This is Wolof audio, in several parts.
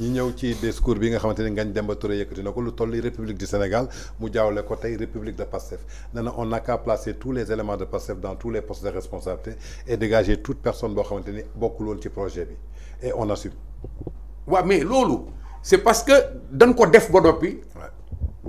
ñi ñëw ci discours bi nga xamanteni ngañ Demba Touré yëkëti nako lu tolli république du Sénégal mu jawlé ko tay république de passef nee on a qu'à placer tous les éléments de passef dans tous les postes de responsabilité et dégager toute personne bo xamanteni bokku bokkul ci projet bi et on assume. wa mais loolu c'est parce que dañ ko def ba noppi.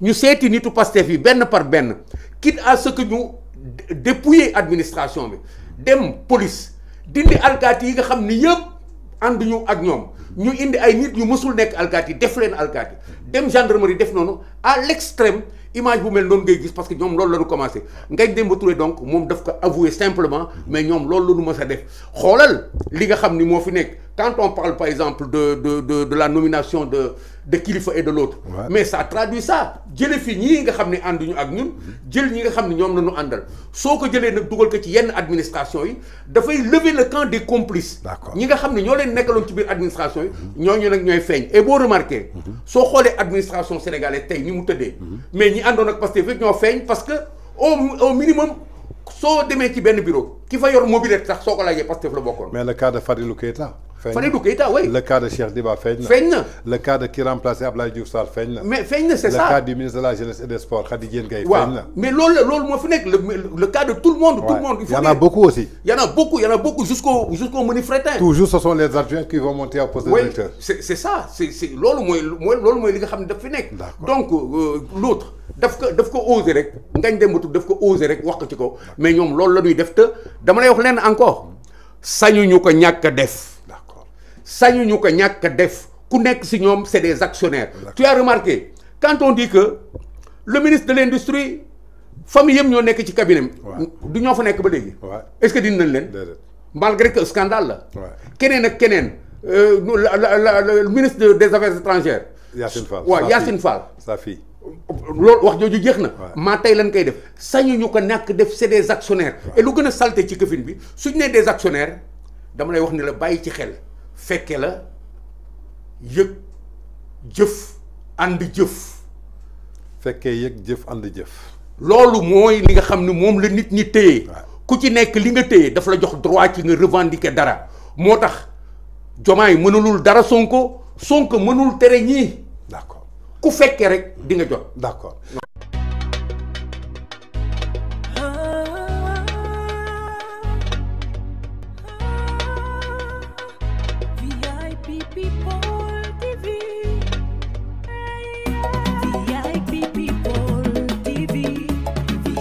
ñu seeti nitu Pastef yi benn par benn quitte à ce que nous dépouiller administration bi dem police dindi alkaati yi nga ni yëpp nous ak ñoom ñu indi ay nit ñu mësul nekk sommes def leen dem à l'extrême image bu mel noonu parce que ñoom loolu ngay dem donc moom daf ko avouer simplement mais nous loolu ñu mës a def xoolal li nga ni quand on parle, par exemple, de, de, de, de la nomination de, de Kilifeu et de l'autre, ouais. mais ça traduit ça. jële fi ñii nga xam andu ñu ak ñun jël ñi nga xam ne lañu andal. Soko àndal nak duggal ko ci yenn administration yi fay lever le camp des complices ñi nga xam ne ñoo leen nekkaloon ci biir administration yi ñu nak ñoy feeñ et boo remarqué mhm. so xolé administration sénégalaise tay ñi mu tëddee mhm. mais ñi àndoon ak Pastef rek ñoo feeñ parce que au au minimum so démé ci ben bureau ki fa yor mobilette sax soko ko laajee Pastef la bokkoon mais le cas de Fadilou Keita Fadilou Keïta oui. le cas de Cheikh Diba feeñ na le cas de qui remplaçait Abdoulaye Diouf Sall feeñ mais feeñ c'est ça le cas du ministre de la jeunesse et des sports Khady Diène Gaye. feeñ mais loolu la loolu moo fi nekk le cas de tout le monde. tout le monde il faut y en a beaucoup aussi. Il y en a beaucoup il y en a beaucoup jusqu'au jusqu'au Mani Fretin. toujours ce sont les adjoints qui vont monter au poste de directeur. c'est c' ça C'est est c' est loolu mooy mooy loolu li nga xam daf fi nekk. donc euh, l' autre daf ko daf ko osé rek ngañ dem daf ko osé rek wax ci ko mais ñoom loolu la ñuy def te dama lay wax lenn encore sañu ñu ko ñàkk a def sañu ñu ko ñàkk a def ku nekk si ñoom c'est des actionnaires tu as remarqué quand on dit que le ministre de l'industrie famille yëpp ñoo nekk ci cabinet du ñoo fa nekk ba est-ce que dinañ leen malgré que scandale Kenen keneen ak euh, le ministre des affaires étrangères Yacine Fall waaw Yacine Fall sa fille loolu wax jooju jeex na maa tey lan koy def sañu ko nekk def c'est des actionnaires et lu gën a salté ci këfin bi suñ ne des actionnaires dama lay wax ni la bàyyi ci xel fekke la yëg jëf ànd jëf fekkee yëg jëf ànd loolu mooy li nga xam ne moom la nit ñi tëye ku ci nekk li nga téye daf la jox droit ci nga revendiquer dara moo tax yi mënulul dara Sonko Sonko mënul tere ñii d'accord ku fekke rek di nga jot d'accord